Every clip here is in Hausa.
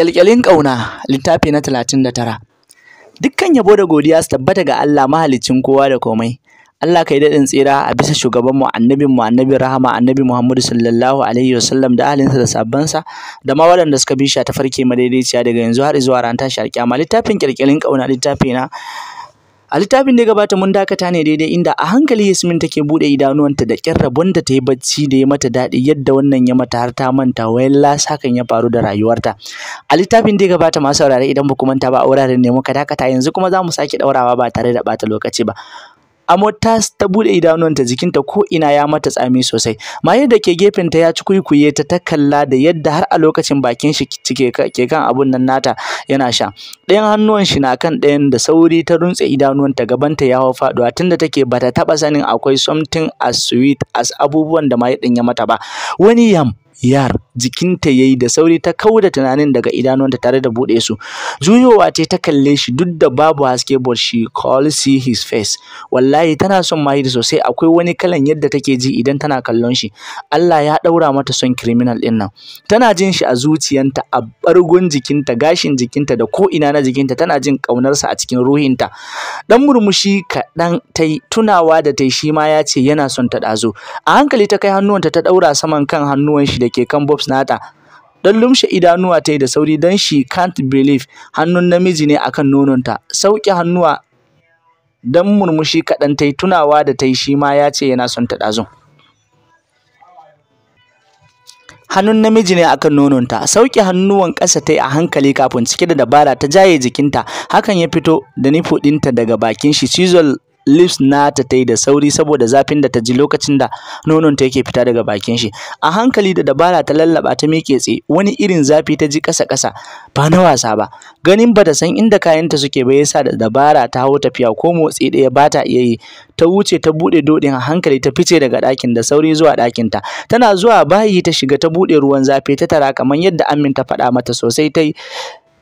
Kyalkyalin ƙauna littafi na talatin da tara. Dukkan yabo da godiya su tabbata ga Allah mahaliccin kowa da komai. Allah ka yi daɗin tsira a bisa shugaban mu annabin mu annabin rahama annabi Muhammadu sallallahu alaihi wasallam da ahalinsa da sabbansa da ma waɗanda suka bi shi ta farke madaidaiciya daga yanzu har zuwa ran tashi alƙiyama littafin kyalkyalin ƙauna littafi na A littafin da gabata mun dakata ne daidai inda a hankali Yasmin take bude idanuwanta da kyar rabon da ta yi bacci da ya mata daɗi yadda wannan ya mata har ta manta wayan las hakan ya faru da rayuwarta. A littafin da gabata masu saurare idan ba ku manta ba a wuraren ne muka dakata yanzu kuma za mu sake ɗaurawa ba tare da bata lokaci ba. Amo ta ta bude idanuwanta jikinta ko ina ya mata tsami sosai. Mayar da ke gefenta ya ci kuikuye ta ta kalla da yadda har a lokacin bakin shi ke kan abun nan nata yana sha. Ɗayan hannuwan shi na kan ɗayan da sauri ta runtse idanuwanta gabanta ya hau faɗuwa tunda take bata taba sanin akwai something as sweet as abubuwan da maye ɗin ya mata ba. Wani yam yar jikinta yayi da sauri ta kauda tunanin daga idanuwanta tare da bude su juyowa ce ta kalle shi duk da babu haske but she could see his face wallahi tana son Mahid sosai akwai wani kalan yadda take ji idan tana kallon shi Allah ya daura mata son criminal din nan tana jin shi a zuciyanta a bargun jikinta gashin jikinta da ko ina na jikinta tana jin ƙaunarsa a cikin ruhinta dan murmushi kaɗan ta yi tunawa da ta shi ma ya ce yana son ta ɗazo. A hankali ta kai hannuwanta ta ɗaura saman kan hannuwan shi da ke kan bobs nata. Dan lumshe idanuwa ta yi da sauri dan shi can't believe hannun namiji ne akan nononta. Sauƙi hannuwa dan murmushi kaɗan ta tunawa da ta shi ma ya ce yana son ta ɗazo. hannun namiji ne akan nononta sauke hannuwan ƙasa ta yi a hankali kafin cike da dabara ta jaye jikinta hakan ya fito da nifo ɗinta daga bakin shi cizol lips nata ta yi da sauri saboda zafin da ta ji lokacin da nonon ta yake fita daga bakin shi a hankali da dabara ta lallaba ta miƙe tse wani irin zafi ta ji ƙasa ƙasa ba na wasa ba ganin bata san inda kayanta suke ba yasa da dabara ta hau tafiya ko motsi ɗaya ba ta iya yi ta wuce ta buɗe doɗin a hankali ta fice daga ɗakin da sauri zuwa ta tana zuwa bayi ta shiga ta buɗe ruwan zafi ta tara kamar yadda amin ta faɗa mata sosai ta yi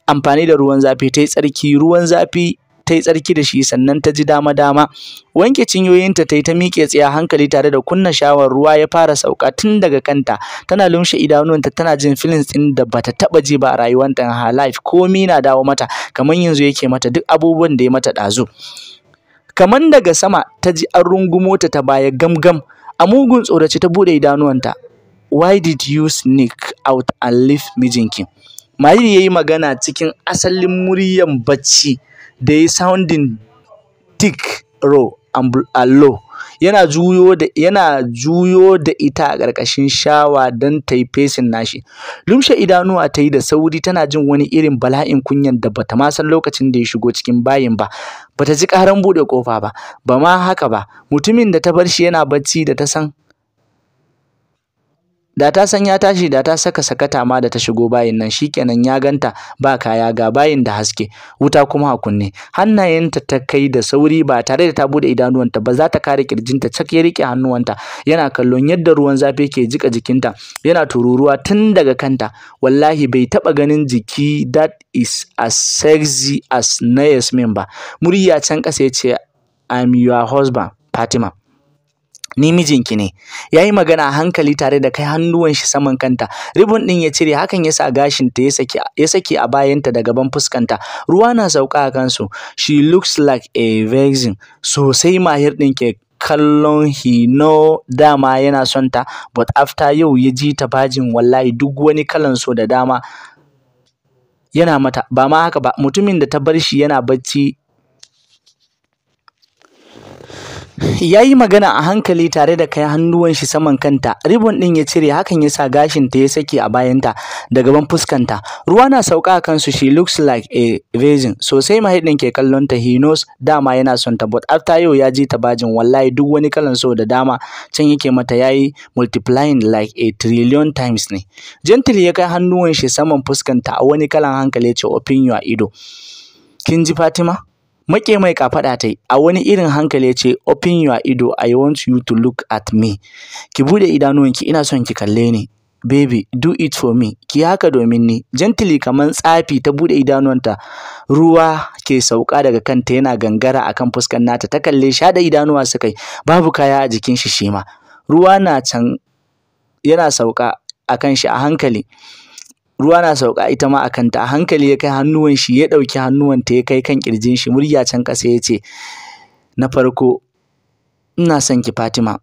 amfani da ruwan zafi ta tsarki ruwan zafi ta yi tsarki da shi sannan ta ji dama-dama wanke cinyoyinta ta yi ta miƙe tsaye hankali tare da kunna shawar ruwa ya fara sauka tun daga kanta tana lumshe idanuwanta tana jin feelings ɗin da bata taba ji ba a rayuwanta ha life komai na dawo mata kamar yanzu yake mata duk abubuwan da ya mata ɗazu kamar daga sama ta ji an rungumo ta ta baya gamgam a mugun tsorace ta buɗe idanuwanta why did you sneak out and leave mijinki Mahiri ya yi magana cikin asalin muryan bacci da ya sounding thick row and low yana juyo da yana juyo da ita a ƙarƙashin shawa don ta yi fesin nashi lumshe idanuwa ta yi da sauri tana jin wani irin bala'in kunyan da bata ma san lokacin da ya shigo cikin bayin ba bata ji ƙaran buɗe ƙofa ba ba ma haka ba mutumin da ta bar shi yana bacci da ta san da ta san ya tashi da ta saka sakata ma da ta shigo bayin nan shikenan ya ganta ba kaya ga bayin da haske wuta kuma a kunne hannayenta ta kai da sauri ba tare da ta bude idanuwanta ba za ta kare kirjinta cak ya rike hannuwanta yana kallon yadda ruwan zafi ke jika jikinta yana tururuwa tun daga kanta wallahi bai taba ganin jiki that is as sexy as na Yasmin ba murya can kasa ya ce I'm your husband Fatima ni mijinki ne Ya yi magana a hankali tare da kai hannuwan shi saman kanta ribin ɗin ya cire hakan yasa gashin ta ya saki a bayanta da gaban fuskanta ruwa na sauka a kansu she looks like a virgin sosai mahir din ke kallon hino dama yana son ta but after yau ya ji ta bajin wallahi duk wani kalan so da dama yana mata ba ma haka ba mutumin da ta bar shi yana bacci ya yi magana a hankali tare da kai hannuwan shi saman kanta ribon ɗin ya cire hakan ya sa gashin ta ya sake a bayanta da gaban fuskanta ruwa na sauka a kansu she looks like a virgin sosai mahaifin ke kallon ta he knows dama yana son ta but after yau ya ji ta bajin wallahi duk wani kalan so da dama can yake mata yayi multiplying like a trillion times ne gently ya kai hannuwan shi saman fuskanta a wani kalan hankali ya ce open your ido kin ji Fatima Make mai kafaɗa ta yi, a wani irin hankali ya ce, Open your ido, I want you to look at me. Ki buɗe idanuwanki, ina son ki kalle ni. Baby, do it for me, ki haka domin ni. Gently kamar tsafi ta buɗe idanuwanta, ruwa ke sauka daga kanta yana gangara akan fuskar nata, ta kalle shi haɗa idanuwa su yi, babu kaya a jikin shi shi ma. Ruwa na can yana sauka akan shi a hankali. ruwa na sauka ita ma a kanta a hankali ya kai hannuwan shi ya ɗauki hannuwanta ya kai kan ƙirjin shi murya can ƙasa ya ce na farko ina son ki Fatima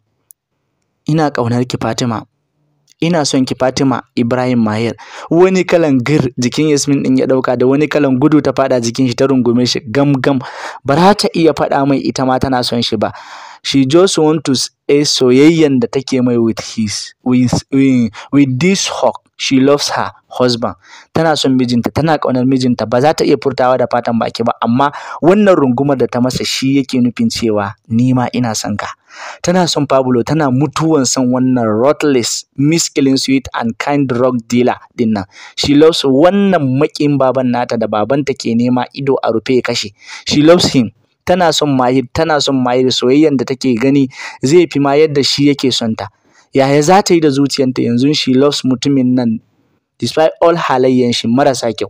ina ƙaunar ki Fatima ina son ki Fatima Ibrahim Mahir wani kalan gir jikin Yasmin din ya ɗauka, da wani kalan gudu ta faɗa jikin shi ta rungume shi gam gam ba za ta iya faɗa mai ita ma tana son shi ba She just want to say eh, soyayyan da take mai with his eh, with this hawk she loves her husband tana son mijinta tana ƙaunar mijinta ba za ta iya furtawa da fatan baki ba amma wannan rungumar da ta masa shi yake nufin cewa ni ma ina son ka tana son Pablo tana mutuwan son wannan ruthless miskilling sweet and kind rock dealer din she loves wannan makin baban nata da babanta ke nema ido a rufe ya kashe she loves him tana son maye tana son da soyayyar da take gani zai fi ma yadda shi yake son ta yaya za ta yi da zuciyarta yanzu she loves mutumin nan despite all halayyan shi marasa kyau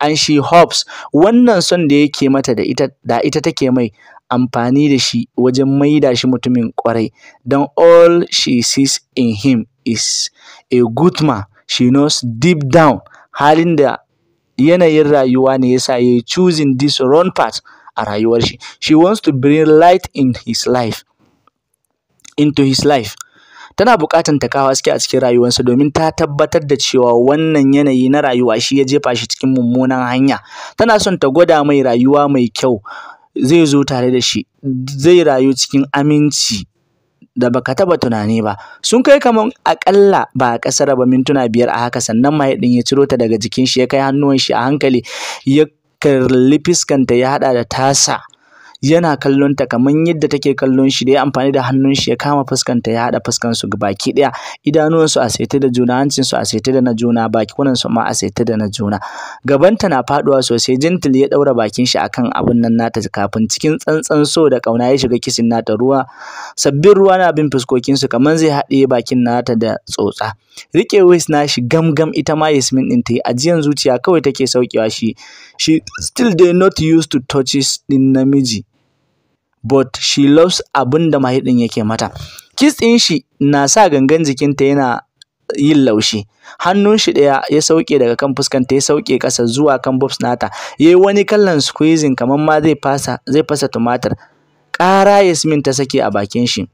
and she hopes wannan son da yake mata da ita da ita take mai amfani da shi wajen maida shi mutumin kwarai don all she sees in him is a good man she knows deep down halin da yanayin rayuwa ne yasa yayi choosing this wrong path a rayuwar shi she wants to bring light in his life into his life tana buƙatar ta kawo haske a cikin rayuwarsa domin ta tabbatar da cewa wannan yanayi na rayuwa shi ya jefa shi cikin mummunan hanya tana son ta gwada mai rayuwa mai kyau zai zo tare da shi zai rayu cikin aminci da baka taba tunani ba sun kai kamar akalla ba a kasar ba mintuna biyar a haka sannan mai ya ciro ta daga jikin shi ya kai hannuwan shi a hankali ya kalli fiskanta ya haɗa da tasa yana kallon ta kamar yadda take kallon shi da ya amfani da hannun shi ya kama fuskanta ya haɗa fuskan su baki ɗaya idanuwan su a saita da juna hancin su a saita da na juna baki kunan su ma a saita da na juna gabanta na faduwa sosai gentle ya daura bakin shi akan abun nan nata kafin cikin tsantsan so da kauna ya shiga kisin nata ruwa sabbin ruwa na bin fuskokin su kamar zai haɗe bakin nata da tsotsa rike waist na shi gamgam ita ma Yasmin din ta yi ajiyan zuciya kawai take saukewa shi She still not used to touches ɗin namiji but she loves abinda da yake mata. Kiss ɗin shi na sa gangan jikinta yana yin laushi. Hannun shi ɗaya ya sauke daga kan fuskanta ya sauke ƙasa zuwa kan bobs nata. Yayi wani kallon squeezing kamar ma zai fasa zai fasa tumatir. Ƙara Yasmin ta sake a bakin shi.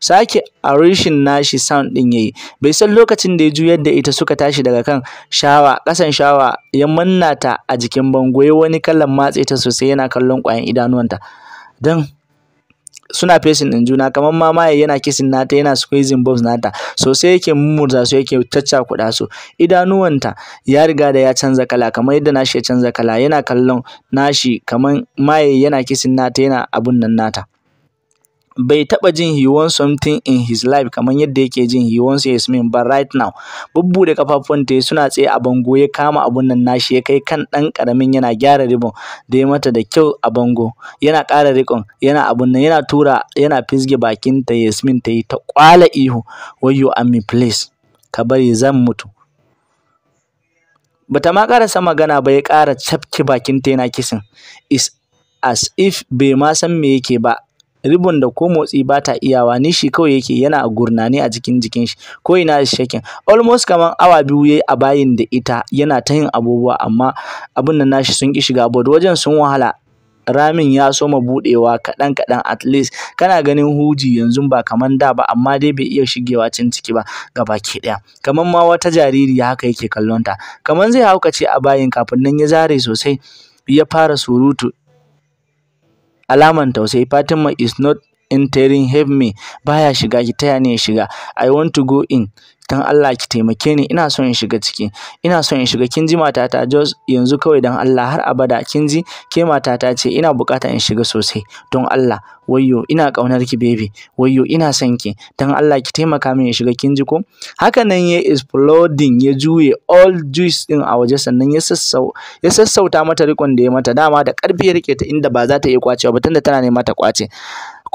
sake a rishin nashi sound din yayi bai san lokacin da ya juyar da ita suka tashi daga kan shawa kasan shawa ya manna ta a jikin bango ya wani kallon matse ta sosai yana kallon ƙwayan idanuwanta dan suna facing din juna kamar ma maye yana kissing nata yana squeezing boobs nata sosai yake mummurza su yake kuda su idanuwanta ya riga da ya canza kala kamar yadda nashi ya canza kala yana kallon nashi kamar maye yana kissing nata yana abun nan nata bai taɓa jin he wants something in his life kamar yadda yake jin he wants his mean but right now bubbude kafafun ta suna tsaye a bango ya kama abun nan nashi ya kai kan dan karamin yana gyara ribon da ya mata da kyau a bango yana ƙara rikon yana abun nan yana tura yana fisge bakin ta Yasmin ta yi ta kwala ihu wayyo me please ka bari zan mutu bata ma karasa magana ba ya ƙara cafke bakin ta yana kisan is as if bai ma san me yake ba ribon da ko motsi ba ta iyawa shi kawai yake yana a gurnani a jikin jikin shi ko ina da shakin almost kamar awa biyu yayi a bayin da ita yana ta yin abubuwa amma abin nan nashi sun ki shiga board wajen sun wahala ramin ya soma buɗewa kaɗan kaɗan at least kana ganin huji yanzu ba kaman da ba amma dai bai iya shigewa cin ciki ba ke ɗaya kaman ma wata jariri haka yake kallon ta kaman zai haukace a bayin kafin nan ya zare sosai ya fara surutu Alaman tausayi Fatima is not entering help me baya shiga ki taya ni ya shiga I want to go in dan Allah ki taimake ni ina so in shiga ciki ina so in shiga kin ji matata just yanzu kawai dan Allah har abada kin ji ke matata ce ina bukata in shiga sosai don Allah wayyo ina kaunar ki baby wayyo ina son ki dan Allah ki taimaka min in shiga kin ji ko haka nan ya exploding ya juye all juice din a waje sannan ya sassau ya sassauta mata rikon da ya mata dama da karfi ya rike ta inda ba za ta iya kwacewa ba tunda tana neman ta kwace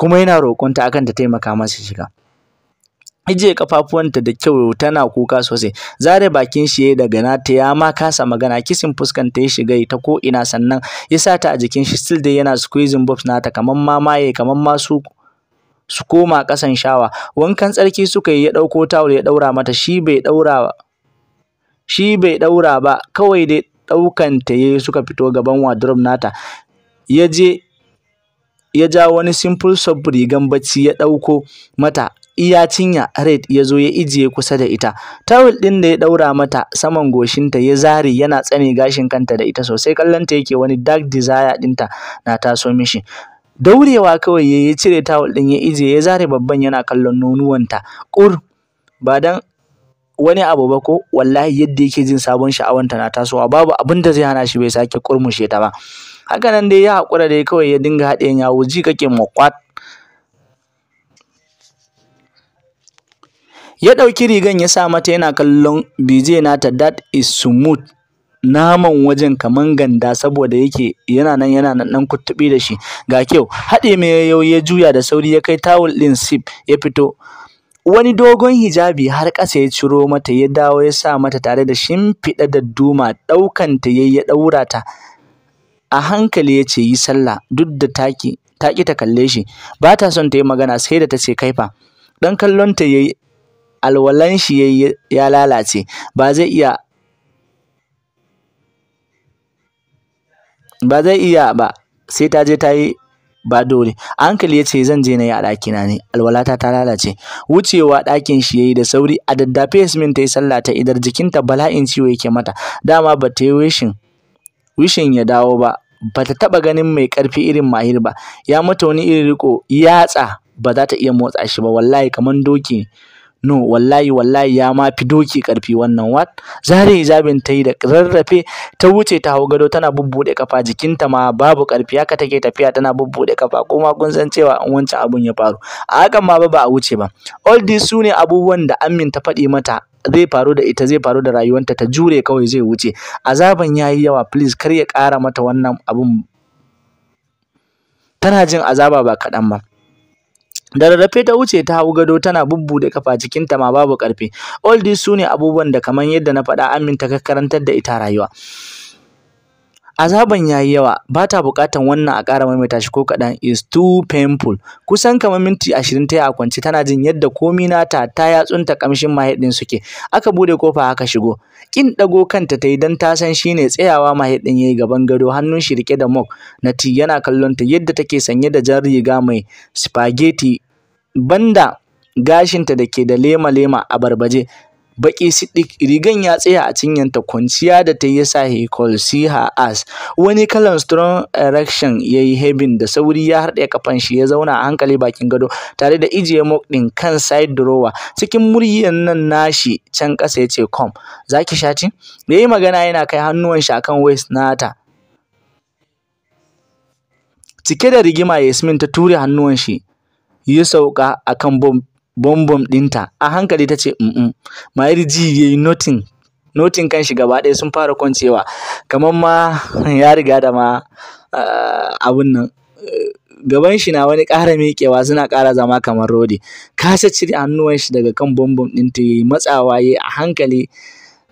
kuma yana roƙonta akan ta taimaka masa shiga ije kafafuwanta da kyau tana kuka sosai zare bakin shi daga nata ya ma kasa magana kisin fuskan ta ya shiga ta ko ina sannan ya sa ta a jikin shi still dai yana squeezing bobs nata kaman ma maye kaman ma su koma kasan shawa wankan tsarki suka yi ya dauko tawul ya daura mata shi bai daura ba shi bai daura ba kawai dai ɗaukan ta yayi suka fito gaban wardrobe nata ya je ya ja wani simple sob rigan bacci ya ɗauko mata iya cinya Red ya zo ya ijiye kusa da ita. Tawul ɗin da ya ɗaura mata saman goshinta ya zare yana tsane gashin kanta da ita sosai kallonta yake wani dark desire ɗinta na taso mishi. Daurewa kawai ya yi cire tawul ɗin ya ijiye ya zare babban yana kallon nonuwanta. Ƙur ba dan wani abu ba ko wallahi yadda yake jin sabon sha'awanta na tasowa babu abin da zai hana shi bai sake kurmushe ta ba. haka nan dai ya haƙura dai kawai ya dinga haɗe ya wuji kake makwat ya ɗauki rigan ya sa mata yana kallon bije nata that is smooth naman wajen kaman ganda saboda yake yana nan yana nan dan kuttubi da shi ga kyau haɗe mai yau ya juya da sauri ya kai tawul ɗin sip ya fito wani dogon hijabi har ƙasa ya ciro mata ya dawo ya sa mata tare da shimfiɗa da duma ɗaukanta ya ya ɗaura ta A hankali ya ce yi sallah duk da take ta ƙi ta kalle shi ba ta son ta yi magana sai da ta ce kaifa dan kallonta yayi alwalan shi yayi ya lalace ba zai iya ba zai iya ba sai ta je ta yi ba dole a hankali ya ce zan je na yi a ɗakina ne alwalata ta lalace wucewa ɗakin shi ya yi da sauri a daddafe yasmin ta yi sallah ta idar jikinta bala'in ciwo yake mata dama ba ta yi weshin wishin ya dawo ba bata taba ganin mai karfi irin mahir ba ya mata wani irin riko yatsa ba za ta iya motsa shi ba wallahi kamar doki no wallahi wallahi ya ma fi doki karfi wannan wat zare hijabin ta yi da rarrafe ta wuce ta hau gado tana bubbuɗe kafa jikinta ma babu karfi haka take tafiya tana bubbuɗe kafa kuma kun san cewa an wancan abun ya faru a hakan ma ba a wuce ba all these su abubuwan da amin ta faɗi mata zai faru da ita zai faru da rayuwanta ta jure kawai zai wuce azaban yayi yawa please kar ya ƙara mata wannan abun tana jin azaba ba kaɗan ba da rarrafe ta wuce ta hau gado tana bubbuɗe kafa cikinta ma babu ƙarfi all these su ne abubuwan da kaman yadda na faɗa aminta ka karantar da ita rayuwa azaban ya yi yawa ba ta buƙatan wannan a ƙara maimaita tashi ko kaɗan is too painful kusan kamar minti ashirin ta yi a kwance tana jin yadda komi nata ta yatsunta ƙamshin mahaiɗin suke aka buɗe kofa aka shigo ƙin ɗago kanta ta yi don ta san shi ne tsayawa mahaiɗin ya yi gaban gado hannun shi riƙe da mok na ti yana kallon ta yadda take sanye da jan riga mai spaghetti banda gashinta da ke da lema-lema a barbaje baƙi sidik rigan ya tsaya a cinyanta kwanciya da ta yi sa call see her wani kalan strong erection ya yi hebin da sauri ya harɗe kafan shi ya zauna a hankali bakin gado tare da ijiye mok ɗin kan side drawer cikin muryan nan nashi can ƙasa ya ce com za ki shati da yi magana yana kai hannuwan shi akan waist nata cike da rigima yasmin ta ture hannuwan shi ya sauka akan bom bombom ɗinta a hankali ta ce mm mayar ji ya yi notin notin kan shi gaba ɗaya sun fara kwancewa kamar ma ya riga da ma ah, abun nan eh, gaban shi na wani ƙara miƙewa suna ƙara zama kamar rodi kasa cire hannuwan shi daga kan bombom ɗin ta yi matsawa yi a hankali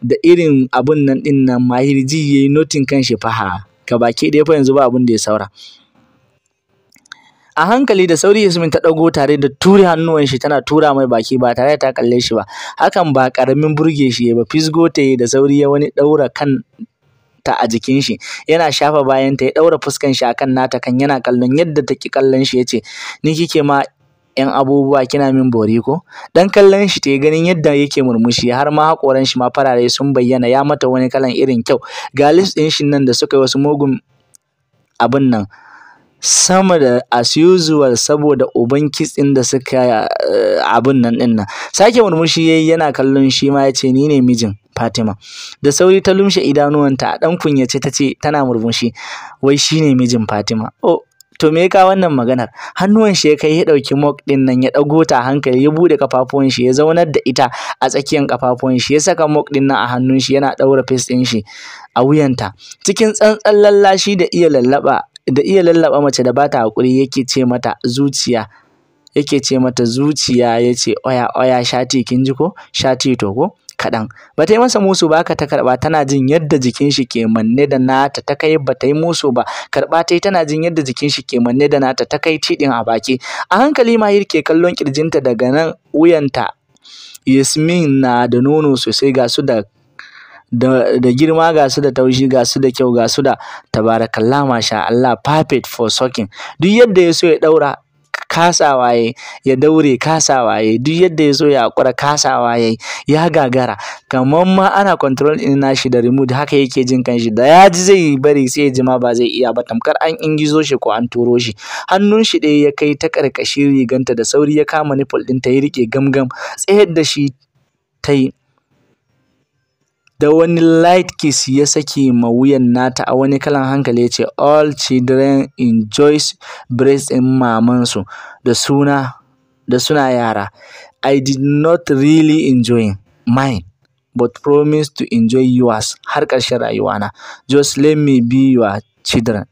da irin abun nan ɗin nan mahirji ya yi notin kan shi faha ka baki ɗaya fa yanzu ba abun da ya saura a hankali da sauri Yasmin ta ɗago tare da ture hannuwan shi tana tura mai baki ba tare da ta kalle shi ba hakan ba karamin burge shi ba fisgo ta yi da sauri ya wani ɗaura kan ta a jikin shi yana shafa bayan ta ya ɗaura fuskan shi akan nata kan yana kallon yadda take kallon shi yace ni kike ma yan abubuwa kina min bori ko dan kallon shi ta ganin yadda yake murmushi har ma hakoran shi ma farare sun bayyana ya mata wani kalan irin kyau galis din ɗin shi nan da suka yi wasu mugun abin nan sama da as usual saboda uban kitsin da suka eh, abun nan din nan sake murmushi yayi yana kallon shi ma yace ni ne mijin Fatima da sauri ta lumshe idanuwanta a dan kunyace tace tana murmushi wai shine mijin Fatima oh to me ka wannan maganar hannuwan shi ya kai ya dauki mok din nan ya dago ta hankali ya bude kafafuwan shi ya zaunar da ita a tsakiyar kafafuwan shi ya saka mok din nan a hannun shi yana daura face din shi a wuyanta cikin tsantsan lallashi da iya lallaba da iya lallaɓa mace da bata haƙuri yake ce mata zuciya yake ce mata zuciya ya oya oya shati kin ji ko shati to ko kaɗan ba ta yi masa musu ba ka ta karɓa tana jin yadda jikin shi ke manne da nata ta kai ba ta yi musu ba karba ta yi tana jin yadda jikin shi ke manne da nata ta kai tiɗin a baki a hankali ma yirke kallon ƙirjinta daga nan wuyanta yasmin na da nono sosai ga su da da girma ga su da taushi ga su da kyau ga su da tabarakallah masha Allah perfect for sokin. duk yadda ya so ya daura kasawa yayi ya daure kasawa yayi duk yadda ya so ya hakura kasawa yayi ya gagara kamar ma ana control din nashi da remote haka yake jin kanshi da ya ji zai bari sai ya ji ma ba zai iya ba tamkar an ingizo shi ko an turo shi hannun shi ɗaya ya kai ta karkashin riganta da sauri ya kama nipple din ta ya rike gamgam tsayar da shi ta yi da wani light kiss ya saki ma wuyan nata a wani kalan hankali ya ce all children enjoy breast in mamansu da suna da suna yara i did not really enjoy mine but promise to enjoy yours har ƙarshen rayuwana just let me be your children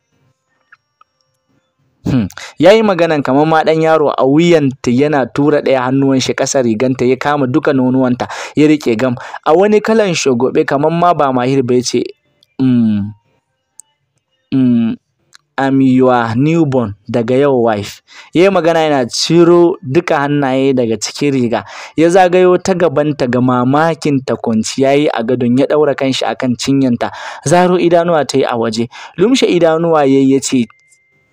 Hmm. ya yi magana kamar ma ɗan yaro a wuyanta yana tura ɗaya hannuwan shi ƙasa riganta ya kama duka nonuwanta ya riƙe gam a wani kalan shagobe kamar ma ba mahir ba ya ce mm, mm, your newborn daga yau wife ya yi magana yana ciro duka hannaye daga cikin riga ya zagayo ta gabanta ga mamakin ta ya yi a gadon ya ɗaura kanshi akan cinyanta zaro idanuwa ta yi a waje lumshe idanuwa ya ya ce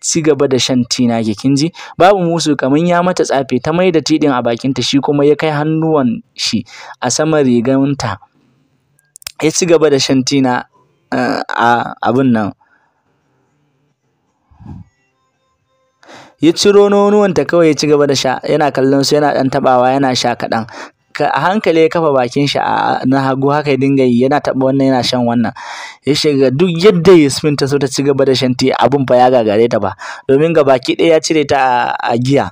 ci gaba da shan tina ke kin ji babu musu kaman ya mata tsafe ta maida tidin a bakin ta shi kuma ya kai hannuwan shi a saman riganta ya ci gaba da shan tina eh, a abin nan ya ciro nonuwan ta kawai ya ci gaba da sha yana kallon su yana dan tabawa yana sha kadan a hankali ya kafa bakin shi na hagu haka ya dinga yi yana taba wannan yana shan wannan ya shiga duk yadda Yasmin ta so ta ci gaba da shan tea abin fa ya gagare ta ba domin ga baki ɗaya ya cire ta a giya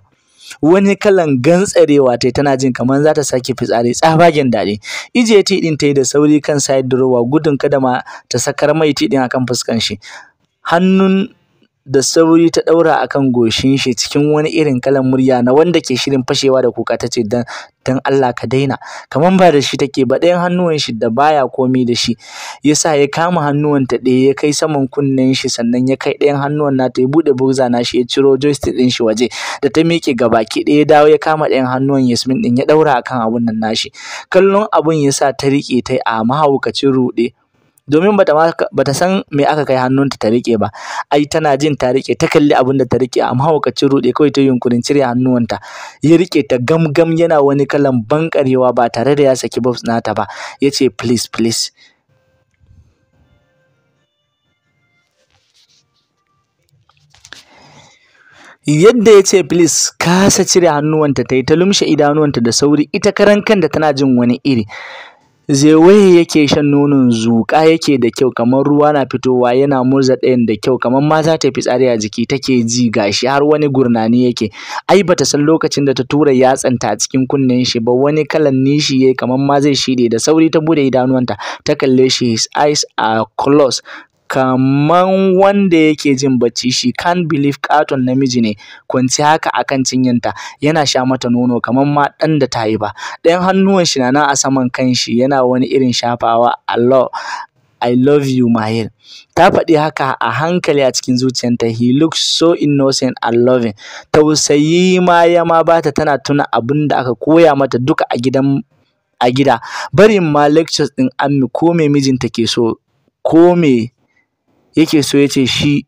wani kalan gantsarewa tai tana jin kamar za ta sake fitsari tsabagen daɗi ijiye tea ɗin ta yi da sauri kan side drawer gudun kada ma ta sakar mai ti ɗin akan fuskan shi hannun da sauri ta ɗaura a kan goshin shi cikin wani irin kalan murya na wanda ke shirin fashewa da kuka ta ce don Allah ka daina kamar ba da shi take ba ɗayan hannuwan shi da baya komi da shi yasa ya kama hannuwan ta ɗaya ya kai saman kunnen shi sannan ya kai ɗayan hannuwan nata ya buɗe burza na shi ya ciro joystick ɗin shi waje da ta miƙe baki ɗaya ya dawo ya kama ɗayan hannuwan Yasmin ɗin ya ɗaura akan abun nan nashi kallon abun yasa ta riƙe ta a mahaukacin ruɗe domin bata ma bata san me aka kai hannunta ta rike ba ai tana jin ta rike ta kalli abin da ta rike a mahaukacin rude kawai ta yunkurin cire hannuwanta ya rike ta gamgam yana wani kalan bankarewa ba tare da ya saki bobs nata ba yace please please yadda ya ce please kasa cire hannuwanta ta yi ta lumshe idanuwanta da sauri ita karan kanta tana jin wani iri Zaiwaiye yake shan nonon zuƙa yake da kyau kamar ruwa na fitowa yana murza ɗayan da kyau kamar ma ta yi fitsari a jiki take ji gashi har wani gurnani yake ai bata san lokacin da ta tura yatsanta a cikin kunnen shi ba wani kalan nishi yayi kamar ma zai shide da sauri ta bude idanuwanta ta kalle shi his eyes are closed kaman wanda yake jin bacci shi can't believe katon namiji ne kwanci haka akan cinyanta yana sha mata nono kaman ma ɗan da ta ba ɗayan hannuwan shi na nan a saman kan shi yana wani irin shafawa allo I love you Mahir. Ta faɗi haka a hankali a cikin zuciyarta. He looks so innocent and loving. Tausayi ma ya ma bata tana tuna abin da aka koya mata duka a gidan a gida. Barin ma lectures ɗin Ammi ko me mijinta ke so ko me yake so ya ce shi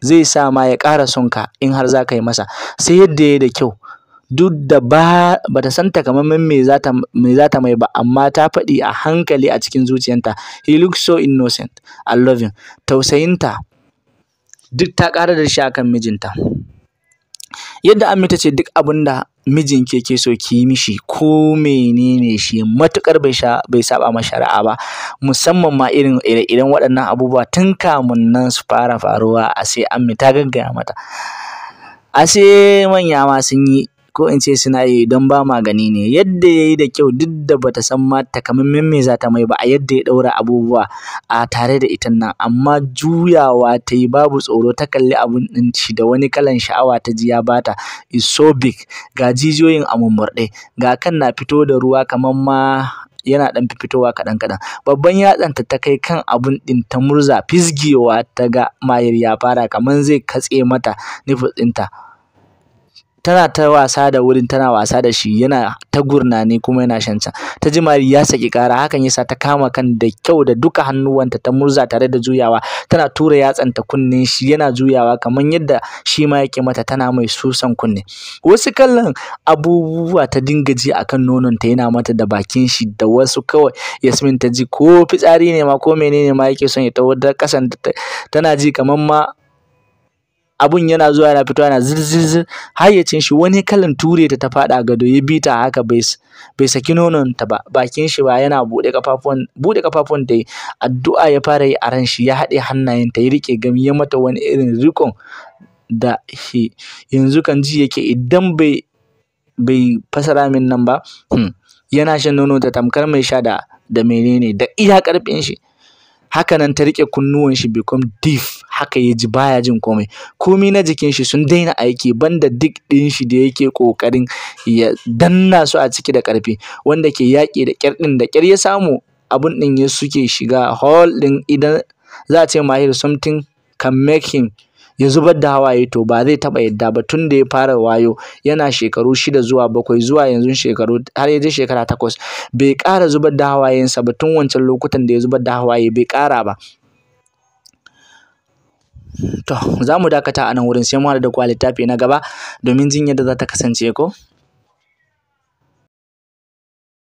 zai sa ma ya ƙara son ka in har za ka yi masa sai yadda ya da kyau duk da ba bata san takamaiman me zata mai ba amma ta faɗi a hankali a cikin zuciyarta he looks so innocent i love tausayinta duk ta ƙara da shi akan mijinta yadda Ammi ta ce duk abin da Mijin keke so ki yi mishi ko menene shi matukar bai sha bai saba ma shari'a ba musamman ma irin ire waɗannan abubuwa tun kamun nan su fara faruwa a sai ammi ta gaggaya mata A sai manya ma sun yi ko in ce sinayi don ba magani ne yadda ya yi da kyau duk da bata san ma takamaiman me za ta mai ba a yadda ya ɗaura abubuwa a tare da ita nan amma juyawa ta yi babu tsoro ta kalli abun ɗin da wani kalan sha'awa ta ji ya bata is so big ga jijiyoyin a mummurɗe ga kan na fito da ruwa kamar ma yana ɗan fitowa kaɗan kaɗan babban yatsanta ta kai kan abun ɗin ta murza fisgewa ta ga mayar ya fara kamar zai katse mata nufin ɗinta tana ta wasa da wurin tana wasa da shi yana ta gurna ne kuma yana shancan ta ji mari ya saki kara hakan yasa ta kama kan da kyau da duka hannuwanta ta murza tare da juyawa tana tura yatsanta kunnen shi yana juyawa kamar yadda shi ma yake mata tana mai susan kunne wasu kallon abubuwa ta dinga ji akan ta yana mata da bakin shi da wasu kawai Yasmin ta ji ko fitsari ne ma ko menene ma yake son ya tawo da kasan tana ji kamar ma abun yana zuwa yana fitowa yana Har ya cin shi wani kalan ture ta ta faɗa gado ya bi ta haka bai bai saki nonon ta ba bakin shi ba yana bude kafafun da kafafuwan yi addu'a ya fara yi a ran shi ya haɗe hannayen ta ya rike gami ya mata wani irin riƙon da shi yanzu kan ji yake idan bai bai fasara min nan ba hmm, yana shan nono ta tamkar mai sha da da menene da iya ƙarfin shi haka nan ta riƙe kunnuwan shi become deep haka ya ji baya jin komai komai na jikin shi sun daina aiki banda duk ɗin shi da yake ƙoƙarin ya danna su a ciki da ƙarfi wanda ke yaƙi da kyar ɗin da kyar ya samu abun ɗin ya suke shiga hall ɗin idan za a ce mahir something can make him ya zubar da hawaye to ba zai taba yadda ba tun da ya fara wayo yana shekaru shida zuwa bakwai zuwa yanzu shekaru har ya je shekara takwas bai kara zubar da hawayensa ba tun wancan lokutan da ya zubar da hawaye bai ƙara ba to za mu dakata a nan wurin sai mu haɗu da ku littafi na gaba domin jin yadda za ta kasance ko